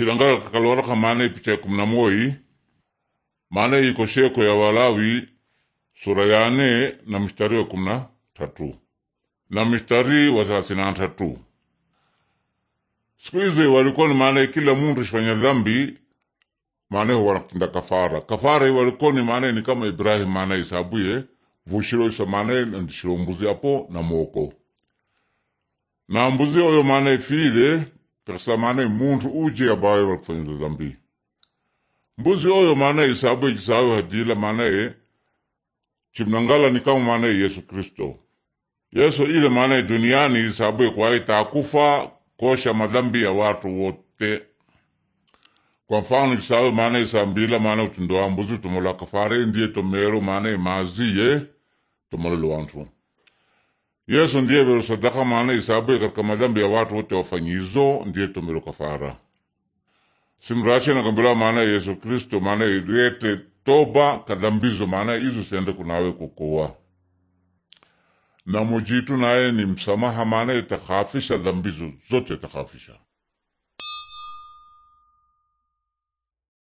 chilangala kakaloraka maana ipicha kumi na moi maana ikosheko ya Walawi sura yane na mistari wa kumi na tatu na mstari wa thelathini na tatu siku hizo walikuwa ni maana kila mundu shifanya dhambi maana kafara kafara i walikuwa ni maana ni kama Ibrahim maana isabuye vushiro isa maana ndishiro mbuzi apo na moko na mbuzi oyo maana ifile yakasila maana muntu uje abaye wakufanyiza dhambi mbuzi oyo maana isabu ikisawe hadila maana chimnangala ni kama maana Yesu Kristo Yesu ile maana duniani isabu kwa itakufa kosha madhambi ya watu wote kwa mfano isawe maana isambila mana utundoa mbuzi tumola kafare ndiye tomero manae maziye tomolelo wantu Yesu ndiye vero sadaka maana isabu katika madhambi ya watu wote wafanyizo ndiye tomero kafara. Simrache na kambira maana Yesu Kristo maana irete toba kadhambizo maana izo siende kunawe kukua. Na mujitu naye ni msamaha maana itakhafisha dhambizo zote itakhafisha.